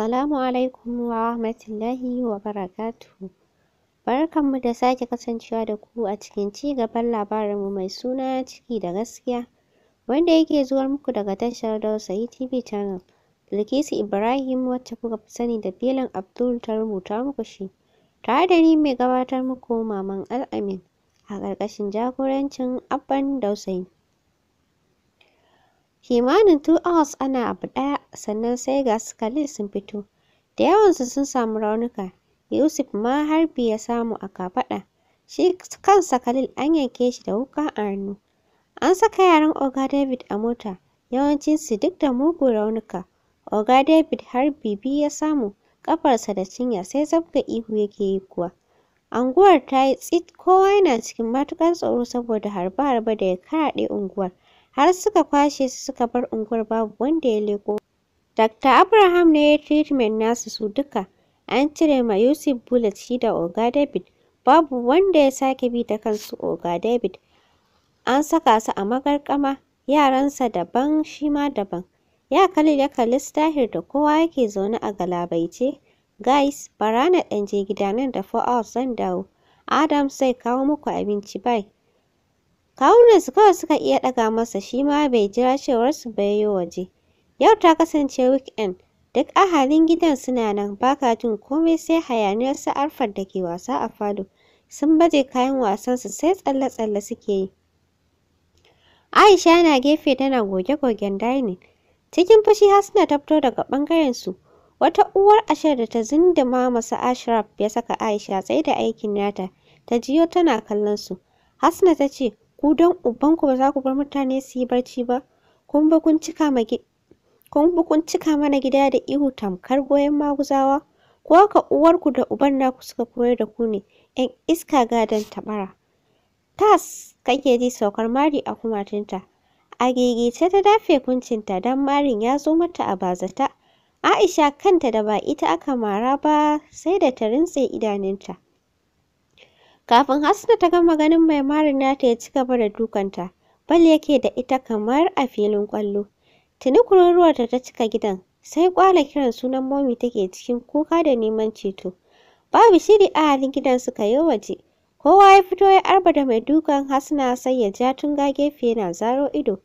Assalamu alaikum wa rahmatullahi wa barakatuhu. Barkanmu da sake kasancewa da ku a cikin ci gaban labarinmu mai suna ciki da gaskiya, wanda yake zuwa muku daga tashar Dausayi TV Channel. Bilkisu Ibrahim wacce kuka fi sani da Belan Abdul ta rubuta muku shi, tare da ni mai gabatar muku Maman Al'amin a ƙarƙashin jagorancin Abban Dausayi. Kimanin two hours ana abu ɗaya sannan sai ga su sun fito. Da yawansu sun samu raunuka. Yusuf ma harbi ya samu a kafaɗa. Shi kansa Khalil an yanke shi da wuka a hannu. An saka yaran Oga David a mota, yawancinsu duk da mugu raunuka. Oga David harbi biyu ya samu, ƙafarsa da cinya sai zabga ihu yake yi kuwa. Anguwar ta yi tsit kowa yana cikin matuƙar tsoro saboda harba-harba da ya karaɗe unguwar. har suka kwashe su suka bar unguwar babu wanda ya leko Dr. Abraham ne ya treatment nasu su duka an cire ma Yusuf bullet shi da Oga David babu wanda ya sake bi da kansu Oga David an saka su a magarkama yaransa daban shi ma daban ya kalli ya kalli stahir da kowa yake zaune a galabaice guys bara na ɗan je gida nan da 4 hours zan dawo Adam sai kawo muku abinci bai Kawunansu kawai suka iya ɗaga masa shi ma bai jira cewar su bai yi waje. Yau ta kasance weekend. Duk ahalin gidan suna nan ba ka jin komai sai hayaniyar su arfar da ke wasa a fado. Sun baje kayan wasan su sai tsalle-tsalle suke yi. Aisha na gefe tana goge-gogen dining. Cikin fushi Hasna ta fito daga ɓangaren su. Wata uwar ashar da ta zindima masa Ashraf ya saka Aisha tsaye da aikin nata. Ta jiyo tana kallon su. Hasna ta ce, ku don ubanku ba za ku bar mutane su yi barci ba kun ba kun cika bi kun cika mana gida da ihu tamkar goyon maguzawa ko haka uwarku da uban naku suka koyar da ku ne yan iska gadon tabara tas kake ji saukar mari a kumatinta a gigice ta dafe kuncinta don marin ya zo mata a bazata aisha kanta da ba ita aka mara ba sai da ta rintse idanunta Kafin Hasna ta gama ganin mai marin nata ya ci gaba da dukanta, bal yake da ita kamar a filin ƙwallo. Tuni kururuwarta ta cika gidan, sai kwala kiran sunan momi take cikin kuka da neman ceto. Babu shiri a halin gidan suka yi waje. Kowa ya fito ya arba da mai dukan Hasna sai ya ja tunga gefe yana zaro ido.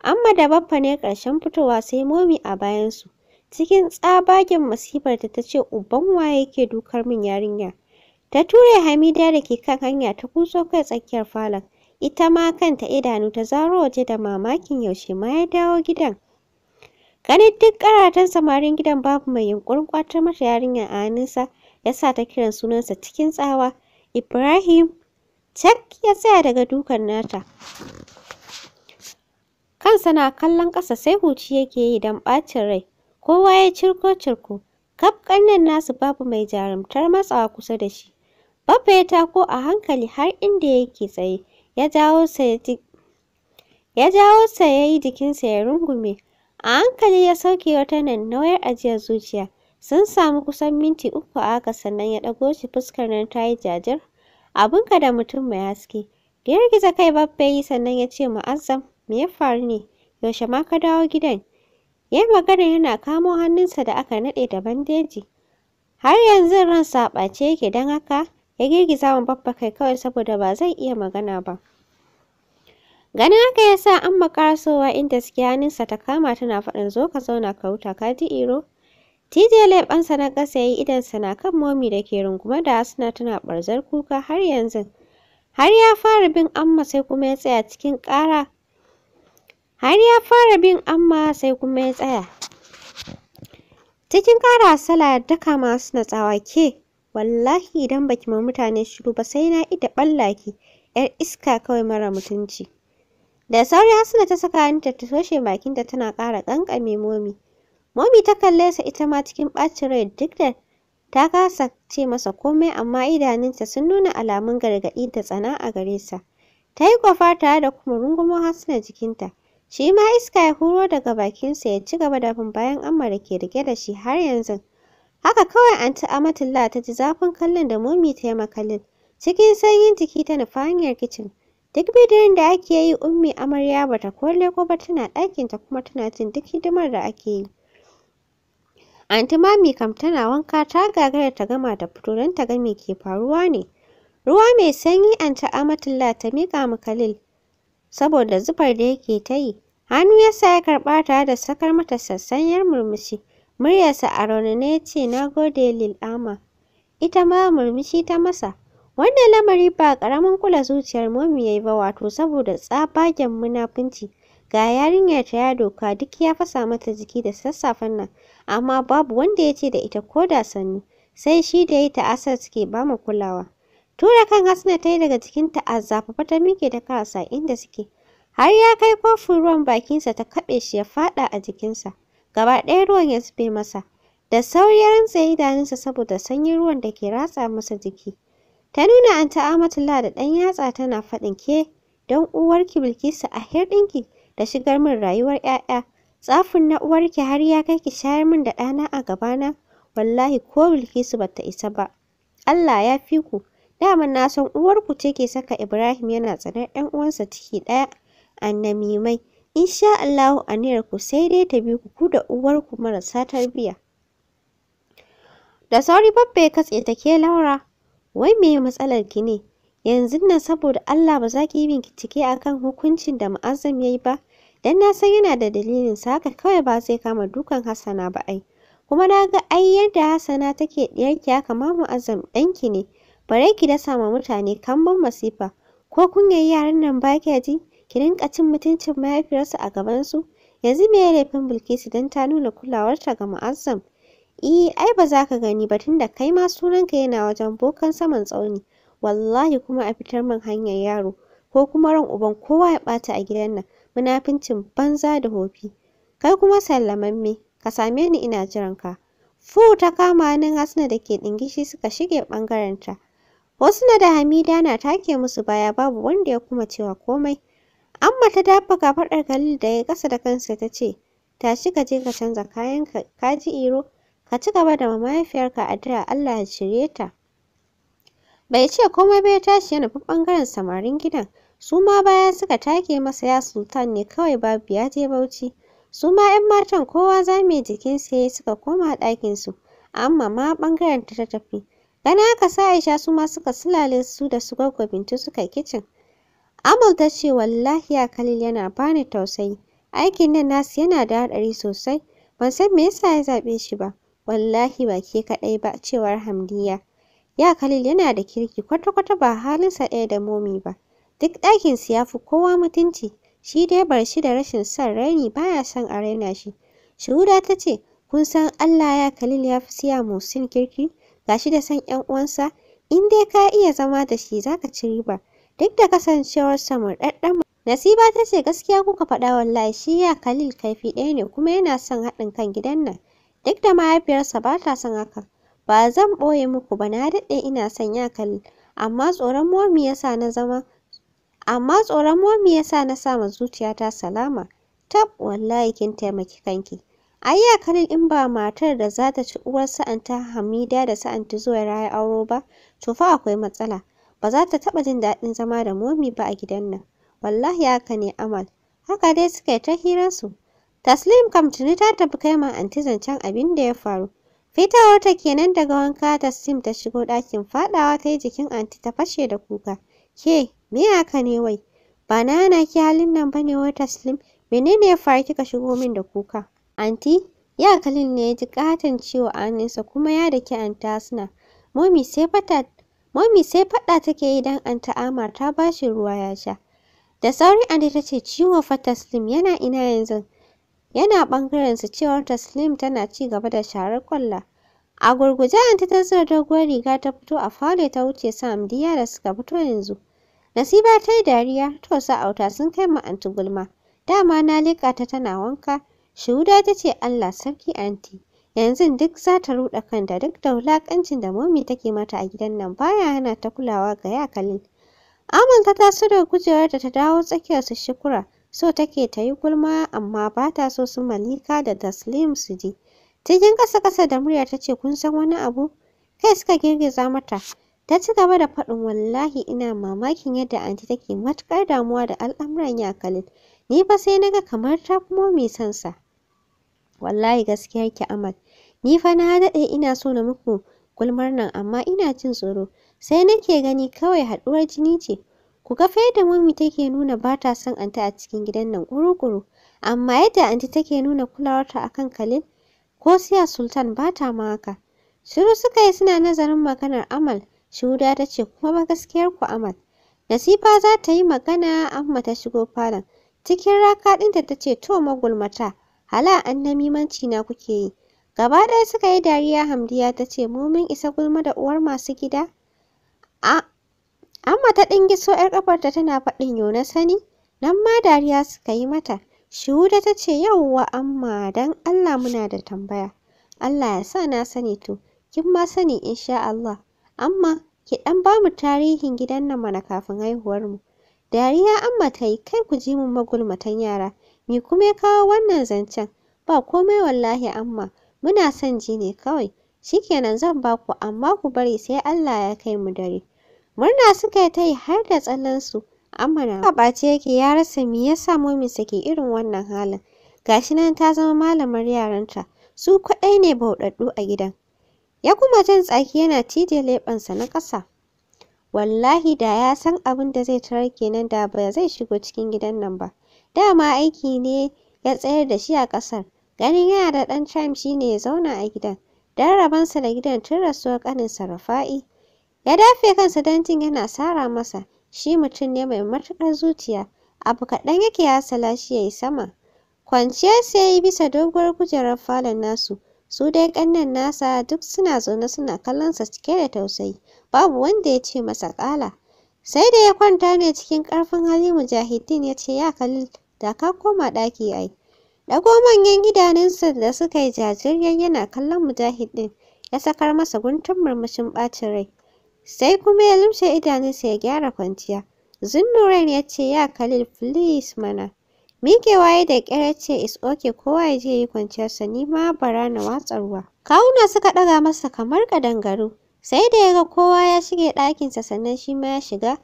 Amma da baffa ne ƙarshen fitowa sai momi a bayansu. Cikin tsabagen masifar ta ce uban waye yake dukar min yarinya. Da ture Hamida da ke kan hanya ta kuso kai tsakiyar falon. Ita ma kanta idanu ta zaro waje da mamakin yaushe ma ya dawo gidan. Ganin duk karatan samarin gidan babu mai yunƙurin ƙwatar mata yarinyar a hannunsa, ya sa ta kiran sunansa cikin tsawa. Ibrahim, cak ya tsaya daga dukan nata. Kansa na kallon ƙasa sai huci yake yi don ɓacin rai. Kowa ya cirko-cirko. Kaf ƙannen nasu babu mai jarumtar matsawa kusa da shi. babba ya tako a hankali har inda yake tsaye, ya jawo sa ya yi jikinsa ya rungume. A hankali ya sauke wata nannawar ajiyar zuciya. Sun samu kusan minti uku a haka sannan ya ɗago shi fuskar nan ta yi jajir. Abinka da mutum mai haske. girgiza kai ya yi sannan ya ce ma'azzam me ya faru ne? Yaushe ma ka dawo gidan? Ya yi magana yana kamo hannunsa da aka naɗe da bandeji. Har yanzu ran a ɓace yake don haka ya girgiza wa babba kai kawai saboda ba zai iya magana ba ganin haka ya sa an makarasowa inda suke hannunsa ta kama tana faɗin zo ka zauna ka huta ka ji iro tije leɓensa na ƙasa ya yi idonsa na kan momi da ke rungume da asuna tana ɓarzar kuka har yanzu har ya fara bin amma sai kuma ya tsaya cikin ƙara har ya fara bin amma sai kuma ya tsaya cikin ƙara sala daka masu natsawa ke wallahi idan baki ma mutane shiru ba sai na ida ballaki yar iska kawai mara mutunci da sauri Hasna ta saka hanta ta toshe bakinta tana ƙara kankame momi momi ta kalle sa ita ma cikin ɓacin rai duk da ta kasa ce masa komai amma idanunta sun nuna alamun gargaɗi da tsana a gare sa ta yi kwafa tare da kuma rungumo Hasna jikinta shi ma iska ya huro daga bakinsa ya ci gaba da bin bayan amma da ke rike da shi har yanzu Haka kawai anti Amatullah ta ji zafin kallon da Mummy ta yi makallin. Cikin sanyin jiki ta nufa hanyar kicin. Duk bidiyon da ake yi ummi amarya bata kole ko ba tana ɗakin ta kuma tana jin duk hidimar da ake yi. Anti Mami kam tana wanka ta gagara ta gama da fito don ta ga me ke faruwa ne. Ruwa mai sanyi Anti Amatullah ta miƙa ma Khalil saboda zubar da yake ta yi. Hannu ya sa ya karɓa ta da sakar mata sassanyar murmushi. Muryarsa a raunane ya ce, "Na gode Lil'ama." Ita ma murmushi ta masa. Wannan lamari ba ƙaramin kula zuciyar Momi ya yi ba wato saboda tsabagen munafunci. Ga yarinyar ta ya doka duk ya fasa mata jiki da sassafen nan, amma babu wanda ya ce da ita ko da sannu, sai shi da ya ta'asar suke ba mu kulawa. Tura kan hasina ta yi daga jikin a zafafa ta miƙe ta karasa inda suke. Har ya kai kofin ruwan bakinsa ta kaɓe shi ya faɗa a jikinsa. gaba ɗaya ruwan ya zube masa da sauri ya rantsaye idanunsa saboda sanyin ruwan da ke ratsa masa jiki ta nuna an ta'amatullah da ɗan yatsa tana faɗin ke don uwarki bilkisu a hirɗinki da shigar min rayuwar ƴaƴa tsafin na uwarki har ya kai ki shayar min da ɗana a gabana wallahi ko bilkisu bata isa ba Allah ya fi ku daman na san uwarku ce ke saka Ibrahim yana tsanar 'yan uwansa ciki ɗaya annamimai sha Allahu ku sai dai ta bi ku ku da uwarku marasa tarbiyya. Da sauri babba ya katse ta ke Laura, wai me matsalar ki ne? Yanzu nan saboda Allah ba za ki yi bincike akan hukuncin da Mu'azzam ya yi ba, dan na san yana da dalilin sa haka kawai ba zai kama dukan Hassana ba ai. Kuma na ga ai yadda Hassana take ki haka ma Mu'azzam ɗanki ne. Bare ki dasa ma mutane kamban masifa, ko kun yayi yaran nan ba ki ji? ki rinka cin mutuncin mahaifiyarsu a gabansu yanzu me ya laifin bilkisu don ta nuna kulawarta ga mu'azzam eh ai ba za ka gani ba tunda kai ma sunanka yana wajen bokan saman tsauni wallahi kuma a fitar min hanyar yaro ko kuma ran uban kowa ya ɓata a gidan nan munafincin banza da hofi kai kuma sallamamme ka same ni ina jiranka. ka fu ta kama hannun hasna da ke ɗingishi suka shige ɓangarenta na da hamida na take musu baya babu wanda ya kuma cewa komai Amma ta dafa kafaɗar Khalil da ya kasa da kansa ta ce, Tashi ka je ka canza kayanka, ka ji iro, ka ci gaba da mahaifiyarka a dira Allah ya shirye ta. Bai ce komai bai tashi yana nufi ɓangaren samarin gidan, su ma baya suka take masa ya sultan ne kawai babu ya je bauchi. Su ma 'yan matan kowa za zame jikin ya suka koma ɗakinsu, amma ma bangaren ta tafi. Gana haka sa Aisha su ma suka sulale su da su gwaggwabintu suka kicin. Amal ta ce wallahi ya Khalil yana bani tausayi. Aikin nan nasu yana da hadari sosai. Ban san me yasa ya zaɓe shi ba. Wallahi ba ke kadai ba cewar Hamdiya. Ya Khalil yana da kirki kwata-kwata ba halinsa ɗaya da momi ba. Duk ɗakin ya yafi kowa mutunci. Shi dai bar shi da rashin son raini baya son a raina shi. Shuhuda ta ce, kun san Allah ya Khalil ya fi siya Musin kirki, gashi da san ‘yan uwansa, in dai ka iya zama da shi zaka ci riba. duk da kasancewar kasancewarsa murɗaɗɗen Nasiba ta ce gaskiya kuka faɗa wallahi shi ya Khalil kaifi ɗaya ne kuma yana son haɗin kan gidan nan. Duk da mahaifiyarsa ba ta son haka. Ba zan ɓoye muku ba na daɗe ina son ya Khalil amma tsoron momi ya sa na zama amma tsoron momi ya sa na sama zuciyata salama. Tab wallahi kin taimaki kanki. Ai ya Khalil in ba matar da za ta ci uwar sa'anta Hamida da sa'anta Zuwaira ya auro ba to fa akwai matsala. ba za ta taɓa jin daɗin zama da momi ba a gidan nan wallahi haka ne amal haka dai suka yi ta su. taslim kam tuni ta tafi kai ma anti zancen abin da ya faru fitawar ta kenan daga wanka taslim ta shigo ɗakin faɗawa ta yi jikin anti ta fashe da kuka ke me haka ne wai ba na yana ki halin nan ba ne wai taslim menene ya faru kika shigo min da kuka anti ya kalin ne ya ji ƙaton ciwo a hannunsa kuma ya daki anti hasna momi sai fata Momi sai faɗa take yi don Anta Amar ta ba ruwa ya sha. Da sauri Anta ta ce ciwo fa Taslim yana ina yanzu? Yana ɓangarensu su cewar Taslim tana ci gaba da sharar kwalla. A gurguje Anta ta zura doguwar riga ta fito a falo ta wuce Sam Diya da suka fito yanzu. Nasiba ta yi dariya to auta sun kai ma Anti gulma. Dama na leƙa ta tana wanka. Shuhuda ta ce Allah sarki Anti. yanzu duk za ta ruɗa kanta duk da wulaƙancin da momi take mata a gidan nan baya hana ta kulawa ga ya kalin amanka ta sura gujewar da ta dawo tsakiyar su shukura so take ta yi gulma amma ba ta so su malika da taslim su ji cikin ƙasa ƙasa da murya ta ce kun san wani abu kai suka girgiza mata ta ci gaba da faɗin wallahi ina mamakin yadda anti take matuƙar damuwa da al'amuran ya ni fa sai naga kamar ta kuma mai sansa wallahi gaskiyar ki amal Ni fa na daɗe ina so na muku gulmar nan amma ina jin tsoro. Sai nake gani kawai haɗuwar jini ce. Ku ga fa yadda take nuna ba ta son anti a cikin gidan nan kurukuru Amma yadda anti take nuna kulawarta a kan Khalil, ko siya Sultan ba ta ma haka. Shiru suka yi suna nazarin maganar Amal, Shuda ta ce kuma ba gaskiyar ku Amal. Nasifa za ta yi magana amma ta shigo falon. Cikin raka ɗinta ta ce to magulmata, hala annamimanci na kuke yi. Gaba ɗaya suka yi dariya Hamdiya ta ce mu mun isa gulma da uwar masu gida? A Amma ta ɗingiso 'yar ƙafarta tana faɗin yo na sani, nan ma dariya suka yi mata. shuda ta ce yauwa amma don Allah muna da tambaya. Allah ya sa na sani to, kin ma sani insha Allah. Amma ki ɗan ba mu tarihin gidan nan mana kafin haihuwar mu Dariya amma ta yi kai ku ji mun magulmatan yara. Me kuma ya kawo wannan zancen? Ba komai wallahi amma. Muna son ji ne kawai. Shi kenan zan ba ku amma ku bari sai Allah ya kai mu dare. Murna suka yi ta yi har da tsallansu. Amma na bace yake ya rasa me yasa mummy ke irin wannan halin. Gashi nan ta zama malamar yaranta. Su kwadai ne bauɗaɗɗu a gidan. Ya kuma jan tsaki yana cije leɓensa na ƙasa. Wallahi da ya san abin da zai tarar kenan da ba zai shigo cikin gidan nan ba. Dama aiki ne ya tsayar da shi a ƙasar. Ganin yana da ɗan Cham shi ya zauna a gidan, don rabansa da gidan tun rasuwar ƙaninsa Rufa'i. Ya dafe kansa don jin yana sara masa, shi mutum ne mai matuƙar zuciya, abu kaɗan yake hasala shi ya yi sama. Kwanciyar sai ya yi bisa doguwar kujerar falon nasu, su dai ƙannen nasa duk suna zaune suna kallon sa cike da tausayi, babu wanda ya ce masa ƙala. Sai da ya kwanta ne cikin ƙarfin hali mujahidin ya ce ya kalli da ka koma ɗaki ai. Dago manyan idanunsa da suka yi jajiryen yana kallon Mujahid ɗin, ya sakar masa guntun murmushin ɓacin rai. Sai kuma ya lumshe idanunsa ya gyara kwanciya. zunnuran ya ce, Ya Khalil, please mana. Miƙewa ya da ƙyar ya ce, It's okay, kowa ya je yi kwanciyarsa, ni ma bara na watsa ruwa. Kawuna suka ɗaga masa kamar ƙadangaru. Sai da ya ga kowa ya shige ɗakinsa sannan shi ma ya shiga.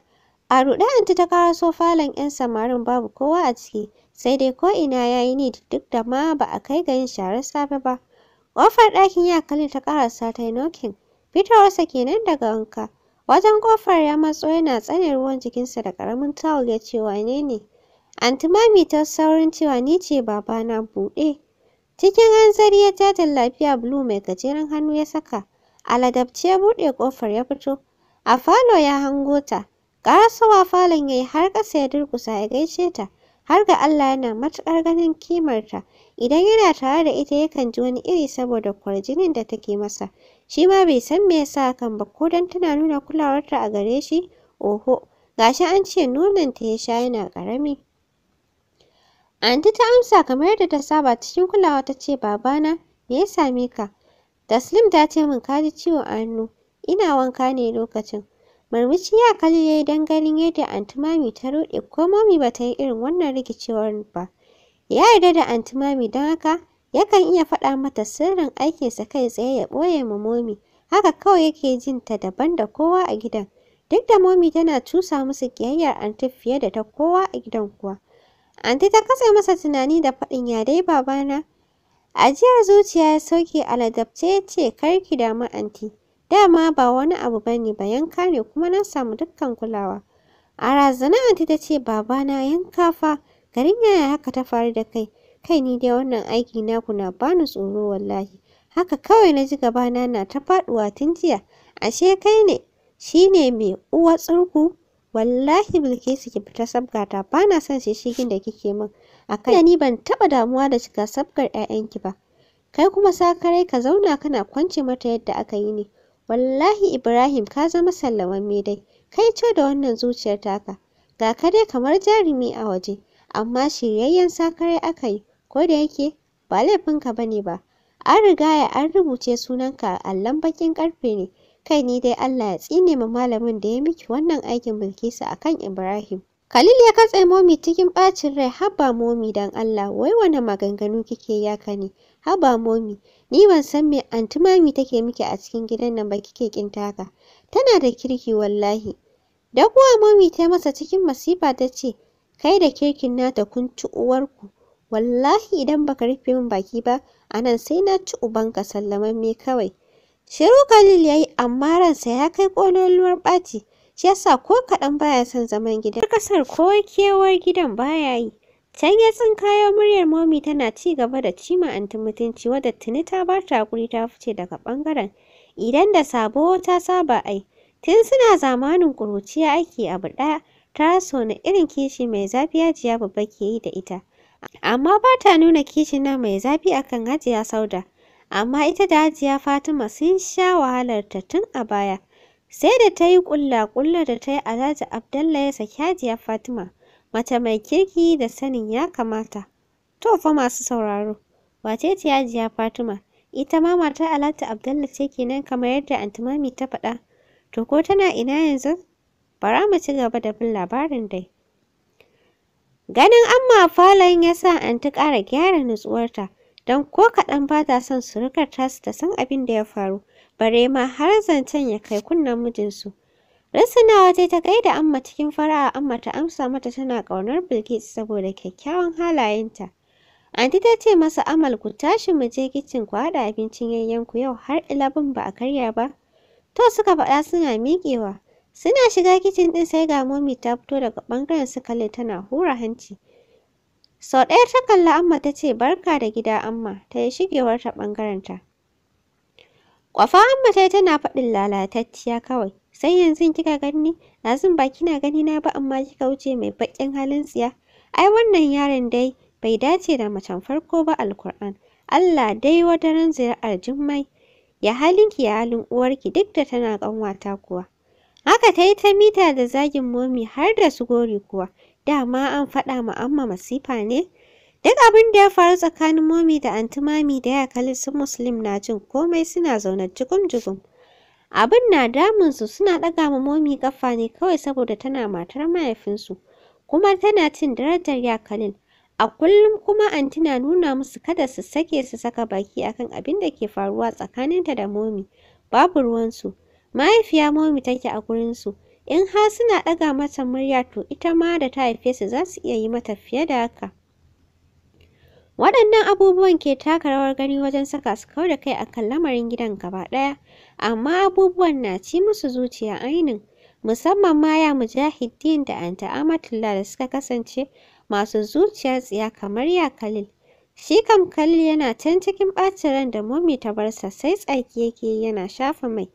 A ruɗe anti ta karaso falon 'yan samarin babu kowa a ciki. sai dai ko'ina ya yi ni duk da ma ba a kai ga yin sharar safe ba. Ƙofar ɗakin ya kalli ta ƙarasa ta yi nokin, fitowarsa kenan daga wanka. Wajen ƙofar ya matso yana tsane ruwan jikinsa da ƙaramin tawul ya ce wane ne? Anti Mami ta saurin cewa ni ce babana buɗe. Cikin hanzari ya jajen lafiya bulu mai gajeren hannu ya saka. Aladabci ya buɗe ƙofar ya fito. A falo ya hango ta. Ƙarasowa falon ya yi har ƙasa ya durƙusa ya gaishe ta. har ga Allah yana matuƙar ganin kimarta idan yana tare da ita yakan ji wani iri saboda kwarjinin da take masa shi ma bai san me yasa hakan ba ko dan tana nuna kulawarta a gare shi oho gashi an ce nonon ta ya sha yana ƙarami Anti ta amsa kamar yadda ta saba cikin kulawa ta ce babana me ya same ka Taslim ta ce min ka ji ciwo a hannu ina wanka ne lokacin Murmushi kalli ya yi don ganin yadda Anti Mami ta ruɗe ko Mami ba ta yi irin wannan rikicewar ba. Ya yarda da antimami Mami don haka yakan iya faɗa mata sirrin aikinsa kai tsaye ya ɓoye ma Momi. Haka kawai yake jin ta daban da kowa a gidan. Duk da Momi tana cusa musu ƙiyayyar Anti fiye da ta kowa a gidan kuwa. Anti ta katse masa tunani da faɗin ya dai babana. Ajiyar zuciya ya sauke a ladabce ya ce kar ki damu anti. Dama ba wani abu bane ba yanka ne kuma na samu dukkan kulawa. A razana anti ta ce babana yanka fa garin yaya haka ta faru da kai. Kai ni dai wannan aiki naku na bani tsoro wallahi. Haka kawai na ji gabana na ta faɗuwa tun jiya. Ashe kai ne shi ne mai uwa tsurku wallahi Bilkisu ki fita sabgata ba na son shi shigin da kike min. Akan ni ban taɓa damuwa da shiga sabgar 'ya'yanki ba. Kai kuma sakarai ka zauna kana kwance mata yadda aka yi ne. Wallahi Ibrahim ka zama sallamamme dai, kai co da wannan zuciyar taka, ga ka dai kamar jarumi a waje, amma shiryayyen sakare aka yi, ko da yake ba laifinka ka bane ba, an riga rigaya an rubuce sunanka a lambakin baƙin ƙarfe ne, kai ni dai Allah ya tsine ma malamin da ya miki wannan aikin Bilkisu a kan Ibrahim. Khalil ya katse momi cikin ɓacin rai haba momi don Allah wai wane maganganu kike yaka ne haba momi Ni ban san me anti mami take miki a cikin gidan nan ba kike kin taka. Tana da kirki wallahi. Dakuwa mami ta masa cikin masifa ta ce, kai da kirkin nata kun ci uwarku. Wallahi idan baka rufe min baki ba, anan sai na ci ubanka me kawai. Shiru Khalil ya yi amma ransa ya kai kololuwar ɓaci, shi yasa ko kaɗan baya son zaman gidan. Kasar ko kewar gidan baya yi. Can ya kayan muryar momi tana ci gaba da cima anti mutunci wadda tuni ta bar ta hakuri ta fice daga ɓangaren. Idan da sabo ta saba ai, tun suna zamanin ƙuruciya aiki abu ɗaya, ta so na irin kishi mai zafi hajiya babba ke yi da ita. Amma ba ta nuna kishin na mai zafi akan hajiya sauda. Amma ita da hajiya Fatima sun sha wahalar ta tun a baya. Sai da ta yi ƙulla-ƙulla da ta yi Alhaji Abdallah ya saki hajiya Fatima. mace mai kirki da sanin ya kamata. To fa masu sauraro, wace ce Hajiya Fatima? Ita ma matar Alhaji Abdalla ce kenan kamar yadda antumami ta faɗa. To ko tana ina yanzu? Bara mu ci gaba da bin labarin dai. Ganin amma falon ya sa anti ƙara gyara nutsuwarta, don ko kaɗan ba ta son surukar tasu ta san abin da ya faru, bare ma har zancen ya kai kunnen mijinsu. Risinawa ta ta gaida Amma cikin fara'a Amma ta amsa mata tana ƙaunar Bilkis saboda kyakkyawan halayenta. Anti ta ce masa Amal ku tashi mu je kicin ku haɗa abincin yayyanku yau har ilabin ba a karya ba. To suka faɗa suna miƙewa. Suna shiga kicin ɗin sai ga momi ta fito daga ɓangaren su kalle tana hura hanci. Sau ɗaya ta kalla Amma ta ce barka da gida Amma ta yi shigewar ta ɓangaren ta. Kwafa Amma ta yi tana faɗin lalatacciya kawai. sai yanzu kika ganni zan ba kina gani na ba amma kika wuce mai bakin halin tsiya ai wannan yaron dai bai dace da macen farko ba alkur'an Allah dai wadaran zira'ar jummai ya halinki ya halin uwarki duk da tana ƙanwata kuwa haka ta yi ta mita da zagin momi har da su gori kuwa dama an faɗa ma amma masifa ne Duk abin da ya faru tsakanin momi da antimami da ya kalli su Muslim na jin komai suna zaune jigum-jigum. abin na damunsu suna ɗaga ma momi ƙafa ne kawai saboda tana matar mahaifinsu kuma tana cin darajar ya a kullum kuma anti na nuna musu kada su sake su saka baki akan abin da ke faruwa tsakaninta da momi babu ruwansu mahaifiya momi take a gurinsu in har suna ɗaga mata murya to ita ma da ta haife su za su iya yi mata fiye da haka waɗannan abubuwan ke taka rawar gani wajen saka su kawai da kai akan lamarin gidan gaba ɗaya amma abubuwan na ci musu zuciya ainin musamman ma ya mujahidin da an Amatullah da suka kasance masu zuciyar tsiya kamar ya kalil Shi kam kalil yana can cikin ɓacin ran da Momi ta bar sa sai tsaki yake yana shafa mai.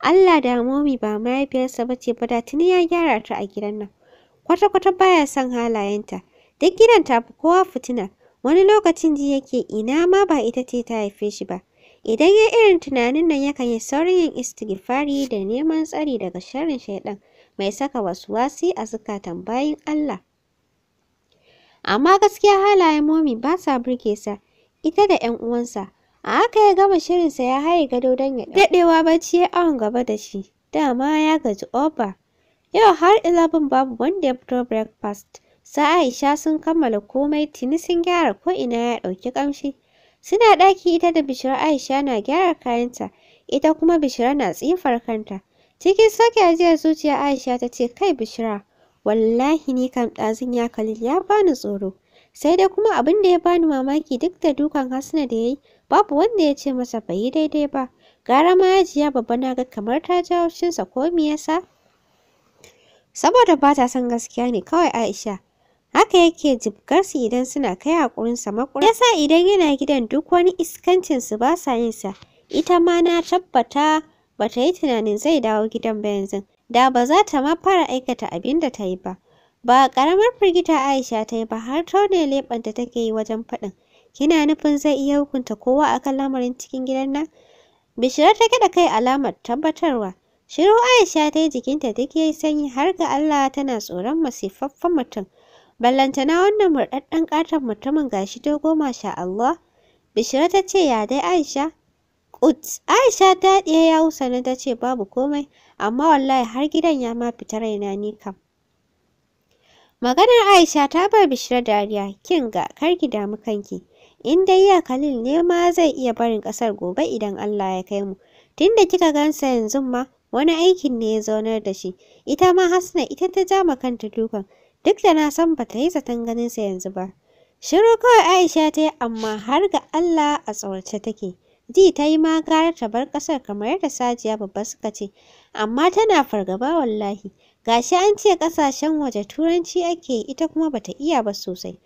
Allah da Momi ba mahaifiyarsa ba ce ba da tuni ya gyara ta a gidan nan. Kwata-kwata baya son halayenta. Duk gidan ta fi kowa fitina. Wani lokacin ji yake ina ma ba ita ce ta haife shi ba. Idan ya irin tunanin nan yakan yi saurin yin istighfari da neman tsari daga sharrin shaidan mai saka wasu wasi a zukatan bayin Allah. Amma gaskiya halayen momi ba sa burge sa, ita da ‘yan uwansa. A haka ya gama shirinsa ya haye gado don ya daɗewa bacci ya awon gaba da shi. Dama ya gaji oba. Yau har bin babu wanda ya fito breakfast. Sa Aisha sun kammala komai tuni sun gyara ko ina ya ɗauki ƙamshi. Suna ɗaki ita da Bishira Aisha na gyara kayanta, ita kuma Bishira na tsifar kanta. Cikin sake ajiyar zuciya Aisha ta ce, Kai Bishira, wallahi ni kan ɗazun ya kalil ya bani tsoro. Sai dai kuma abin da ya bani mamaki duk da dukan Hassana da ya yi, babu wanda ya ce masa bai yi daidai ba. Gara ma yajiya babba na ga kamar ta jawo shinsa ko me yasa? Saboda ba ta son gaskiya ne kawai Aisha. haka yake jibgarsu idan suna kai haƙurinsa makura yasa idan yana gidan duk wani iskancinsu ba sa yinsa ita ma na tabbata ba ta yi tunanin zai dawo gidan ba yanzu da ba za ta ma fara aikata abin da ta yi ba ba ƙaramar firgita aisha ta yi ba har leban leɓanta take yi wajen faɗin kina nufin zai iya hukunta kowa akan lamarin cikin gidan nan bishira ta gada kai alamar tabbatarwa shiru aisha ta yi jikinta duk ya yi sanyi har ga allah tana tsoron masifaffen mutum Ballantana wannan murɗaɗɗen ƙaton mutumin gashi dogo masha Allah. Bishira ta ce ya dai Aisha. Ut, Aisha ta ɗiya ya husana ta ce babu komai, amma wallahi har gidan ya ma fita raina ni kam. Maganar Aisha ta ba Bishira dariya, kin ga kar ki damu kanki. In dai ya Khalil ne ma zai iya barin ƙasar gobe idan Allah ya kai mu. Tunda kika gansa yanzu ma wani aikin ne ya zaunar da shi. Ita ma Hasna ita ta ja kanta dukan. duk da na san ba ta yi zaton ganinsa yanzu ba. Shiru kawai Aisha ta yi amma har ga Allah a tsawarce take. Ji ta yi ma gara ta bar ƙasar kamar yadda Sajiya babba suka ce, amma tana fargaba wallahi. Gashi an ce ƙasashen waje turanci ake ita kuma bata iya ba sosai.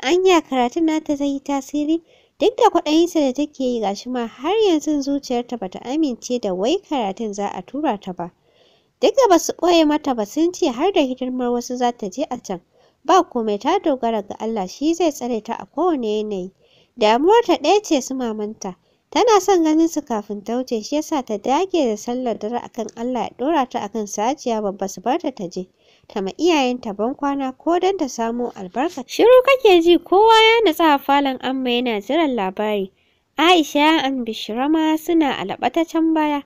Anya karatun nata zai tasiri? Duk da kwaɗayinsa da take yi gashi ma har yanzu zuciyarta bata amince da wai karatun za a tura ta ba. Duk da basu ɓoye mata ba sun ce har da hidimar wasu za ta je a can. Ba komai ta dogara ga Allah shi zai tsare ta a kowane yanayi. Damuwar ta ɗaya ce su mamanta. Tana son ganin su kafin ta wuce shi yasa ta dage da sallar dare akan Allah ya ɗora ta akan sajiya babba su bar ta ta je. ta ma ban kwana ko don ta samo albarka. Shiru kake ji kowa ya natsa a falon amma yana jiran labari. Aisha an Bishirama suna alaɓa ta can baya.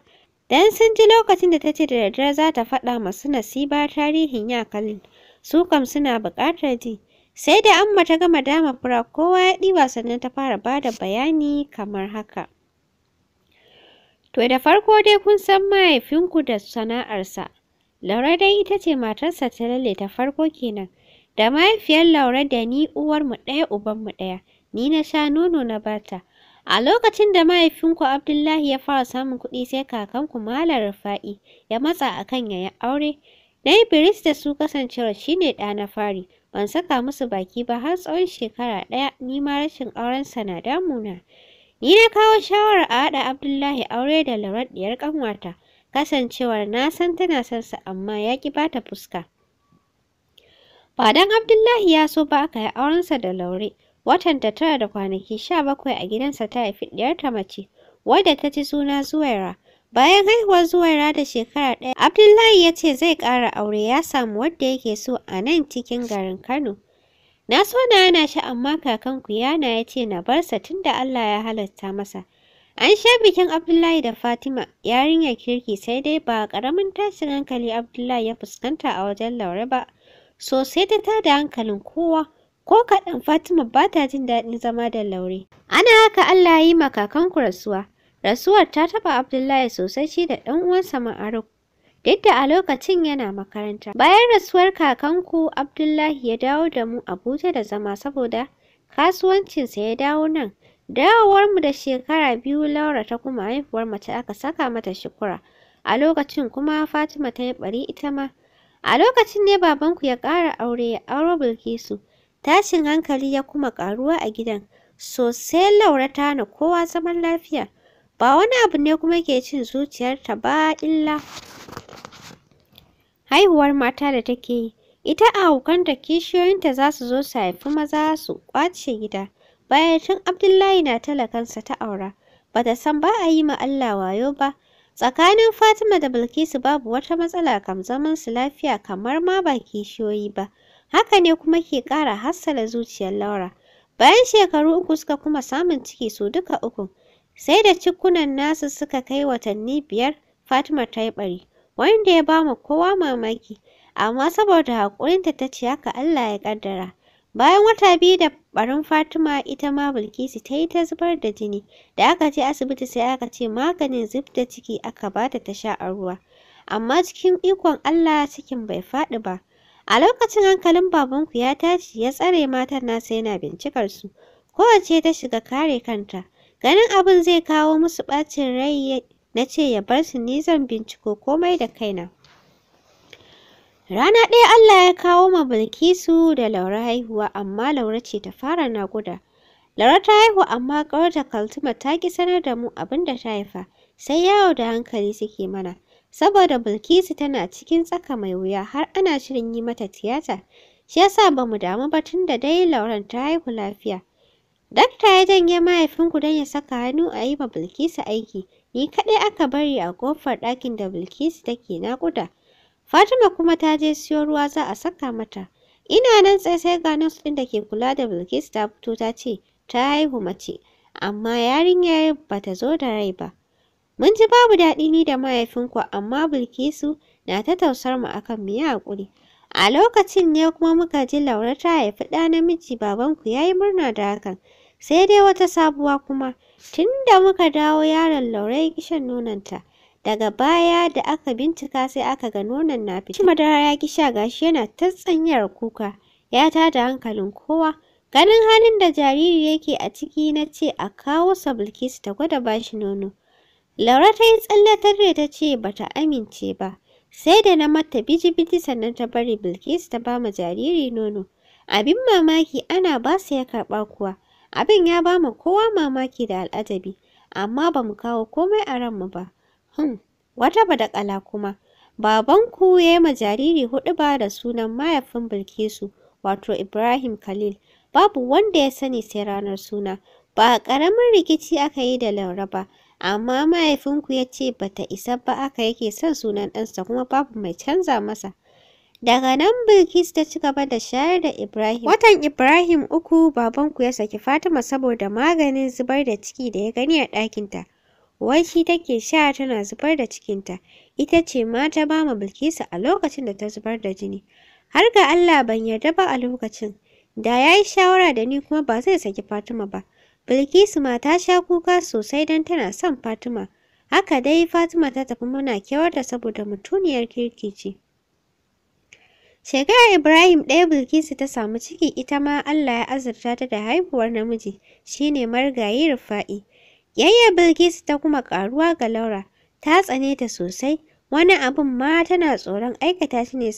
Dan sun ji lokacin da ta ce da daddare za ta faɗa masu nasiba tarihin ya su kam suna buƙatar ji. Sai da Amma ta gama dama fura kowa ya ɗiba sannan ta fara ba da bayani kamar haka. To da farko dai kun san mahaifinku da sana'arsa. Laura dai ita ce matarsa ta lalle ta farko kenan. Da mahaifiyar Laura da ni uwarmu ɗaya mu ɗaya, ni na sha nono na bata. A lokacin da mahaifinku Abdullahi ya fara samun kuɗi sai kakanku Malam Rufa'i ya matsa akan ya yi aure. Na yi biris da su kasancewar shi ne ɗa na fari. Ban saka musu baki ba har tsawon shekara ɗaya ni ma rashin aurensa na damuna. Ni na kawo shawarar a haɗa Abdullahi aure da Lauren ɗiyar ƙanwata, kasancewar na san tana son sa amma ya ƙi ta fuska. Ba dan Abdullahi ya so ba aka yi aurensa da Laure, watan ta tara da kwanaki sha bakwai a gidansa ta haifi ɗiyarta mace wadda ta ci suna Zuwaira. Bayan haihuwar Zuwaira da shekara ɗaya, Abdullahi ya ce zai ƙara aure ya samu wadda yake so a nan cikin garin Kano. Na so na hana shi amma kakanku yana ya ce na barsa tunda Allah ya halatta masa. An sha bikin Abdullahi da Fatima, yarinyar kirki sai dai ba ƙaramin tashin hankali Abdullahi ya fuskanta a wajen Laure ba, sosai ta tada hankalin kowa. ko kaɗan Fatima ba ta jin daɗin zama da Laure. Ana haka Allah ya yi makakanku rasuwa. Rasuwar ta taɓa Abdullahi sosai shi da ɗan uwansa Ma'aruf. Duk da a lokacin yana makaranta. Bayan rasuwar kakanku Abdullahi ya dawo da mu Abuja da zama saboda kasuwancinsa ya dawo nan. Dawowarmu da shekara biyu Laura ta kuma haihuwar mace aka saka mata shukura. A lokacin kuma Fatima ta yi bari ita ma. A lokacin ne babanku ya ƙara aure ya auro Bilkisu. Tashin hankali ya kuma ƙaruwa a gidan, sosai Laura ta hana kowa zaman lafiya. Ba wani abu ne kuma ke cin zuciyarta ba illa haihuwar mata da take yi. Ita a haukanta kishiyoyinta za su zo su haifi maza su ƙwace gida. Bayan tun Abdullahi na talakansa ta aura, ba ta san ba a yi ma Allah wayo ba. Tsakanin Fatima da Bilkisu babu wata matsala kam zaman su lafiya kamar ma ba kishiyoyi ba. haka ne kuma ke ƙara hassala zuciyar Laura. Bayan shekaru uku suka kuma samun ciki su duka uku sai da cikunan nasu suka kai watanni biyar Fatima ta yi ɓari, wanda ya ba mu kowa mamaki, amma saboda haƙurinta ta ce haka Allah ya ƙaddara. Bayan wata biyu da barin Fatima ita ma Bilkisu ta yi ta zubar da jini, da aka je asibiti sai aka ce maganin zub da ciki aka bata ta sha a ruwa. Amma cikin ikon Allah cikin bai faɗi ba, A lokacin hankalin babanku ya tashi ya tsare matan nasa yana bincikar su. Kowace ta shiga kare kanta. Ganin abin zai kawo musu ɓacin rai na ce ya bar su ni binciko komai da kaina. Rana ɗaya Allah ya kawo ma Bilkisu da Laura haihuwa amma Laura ce ta fara naguda, Laura ta haihu amma ƙawarta Kaltuma ta ƙi sanar da mu abin da ta haifa sai yawo da hankali suke mana. saboda Bilkisu tana cikin tsaka mai wuya har ana shirin yi mata tiyata. Shi yasa ba mu damu ba tun da dai Lauren ta haihu lafiya. Dakta ya janye mahaifinku don ya saka hannu a yi ma Bilkisu aiki. Ni kaɗai aka bari a kofar ɗakin da Bilkisu take naƙuda. Fatima kuma ta je siyo ruwa za a saka mata. Ina nan tsaye sai ga nurse ɗin da ke kula da Bilkisu ta fito ta ce ta haihu mace, amma yarinyar ba ta zo da rai ba. Mun ji babu daɗi ni da mahaifinku amma Bilkisu na ta tausar mu akan mu yi haƙuri. A lokacin ne kuma muka ji Laura ta haifi ɗa namiji babanku ya yi murna da hakan. Sai dai wata sabuwa kuma, tun da muka dawo yaron Laura ya ƙi shan nononta. Daga baya da aka bincika sai aka ga nonon na fita. madara ya ƙi sha gashi yana ta tsanyar kuka, ya da hankalin kowa. Ganin halin da jariri yake a ciki na ce a kawo sa Bilkisu ta gwada bashi nono. Laura ta yi tsallatar da ta ce ba ta amince ba. Sai da na mata biji-biji sannan ta bari Bilkisu ta ba ma jariri nono. Abin mamaki ana ba su ya karɓa kuwa. Abin ya ba mu kowa mamaki da al'ajabi, amma ba mu kawo komai a ranmu ba. Hmm, wata ƙala kuma. Babanku ya yi ma jariri huɗu ba da sunan mahaifin Bilkisu, wato Ibrahim Khalil. Babu wanda ya sani sai ranar suna. Ba ƙaramin rikici aka yi da Laura ba. amma mahaifinku ya ce ba ta isa ba aka yake son sunan ɗansa kuma babu mai canza masa. Daga nan Bilkis ta ci gaba da shayar da Ibrahim. Watan Ibrahim uku babanku ya saki Fatima saboda maganin zubar da ciki da ya gani a ɗakinta. Wai shi take sha tana zubar da cikinta, ita ce ma ta ba ma Bilkisu a lokacin da ta zubar da jini. Har ga Allah ban yarda ba a lokacin, da ya yi shawara da ni kuma ba zai saki Fatima ba. Bilkisu ma ta sha kuka sosai don tana son Fatima. Haka dai Fatima ta tafi muna kewarta saboda mutuniyar kirki ce. Shekara Ibrahim ɗaya Bilkisu ta samu ciki ita ma Allah ya azurta ta da haihuwar namiji shine marigayi Rufa'i. Yayya Bilkisu ta kuma ƙaruwa ga Laura, ta tsane ta sosai, wani abin ma tana tsoron aikata shi ne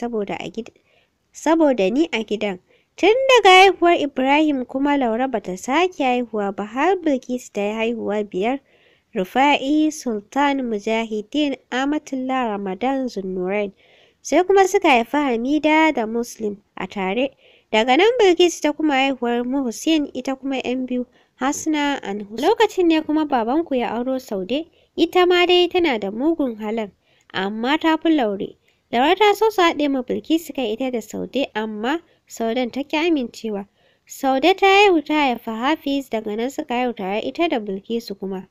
saboda ni a gidan. Tun daga haihuwar Ibrahim kuma laura ba ta sake haihuwa ba har Bilkisu ta yi haihuwa biyar. Rufa'i, Sultan, Mujahideen, Amatullah, Ramadan, Zunnurain. Sai kuma suka haifi Hamida da Muslim a tare. Daga nan Bilkisu ta kuma haihuwar Muhsin ita kuma 'yan biyu Hasna and Lokacin ne kuma babanku ya auro Saude, ita ma dai tana da mugun halar, amma ta fi Laure. laura ta so su haɗe ma Bilkisu kai ita da Saude amma Saudan ta amincewa. Saude ta haihu ta haifa Hafiz daga nan suka haihu tare ita da Bilkisu kuma.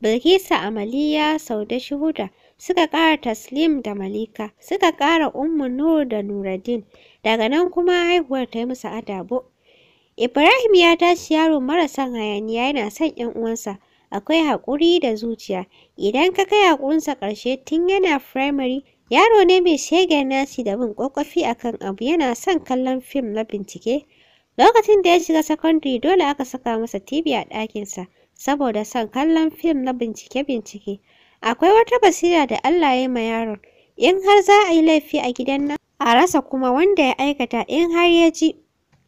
Bilkisu Amaliya Saude Shuhuda suka ƙara Taslim da Malika suka ƙara Ummu Nur da Nuruddin daga nan kuma haihuwar ta yi musu adabo. Ibrahim ya tashi yaro mara hayaniya yana son ‘yan uwansa akwai haƙuri da zuciya idan ka kai haƙurinsa ƙarshe tun yana firamare Yaro ne mai shege nasi da bin kwakwafi kan abu yana son kallon fim na bincike. Lokacin da ya shiga sakandare dole aka saka masa TV a ɗakinsa saboda son kallon fim na bincike-bincike. Akwai wata basira da Allah ya yi ma yaron. In har za a yi laifi a gidan nan, a rasa kuma wanda ya aikata in har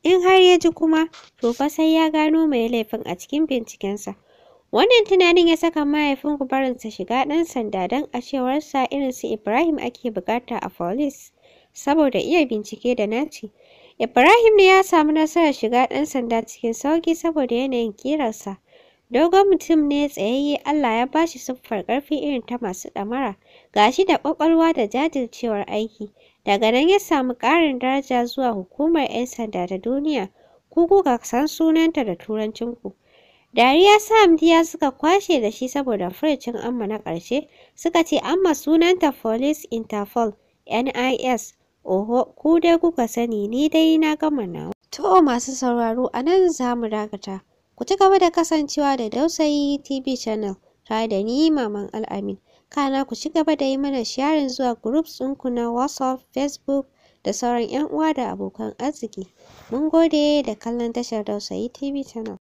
in har ya ji kuma to fa sai ya gano mai laifin a cikin bincikensa. Wannan tunanin ya saka mahaifin barinsa shiga ɗan sanda don a cewarsa irin su Ibrahim ake bukata a folis saboda iya bincike da naci. Ibrahim ne ya samu nasarar shiga ɗan sanda cikin sauƙi saboda yanayin ƙirarsa. Dogon mutum ne tsayayye Allah ya ba shi siffar ƙarfi irin ta masu ɗamara, gashi da ƙwaƙwalwa da jajircewar aiki. Daga nan ya samu ƙarin daraja zuwa hukumar 'yan sanda ta duniya, ku kuka san sunanta da Turancinku. Dariya sa Hamdiya suka kwashe da shi saboda furucin Amma na ƙarshe suka ce Amma sunanta Police Interpol NIS. Oho, ku dai kuka sani ni dai na gama nawa. To masu sauraro a nan za mu dakata. Ku ci gaba da kasancewa da Dausayi TV channel tare da ni Maman Al'amin. Kana ku ci gaba da yi mana sharing zuwa groups ɗinku na WhatsApp, Facebook da sauran 'yan uwa da abokan arziki. Mun gode da kallon tashar Dausayi TV channel.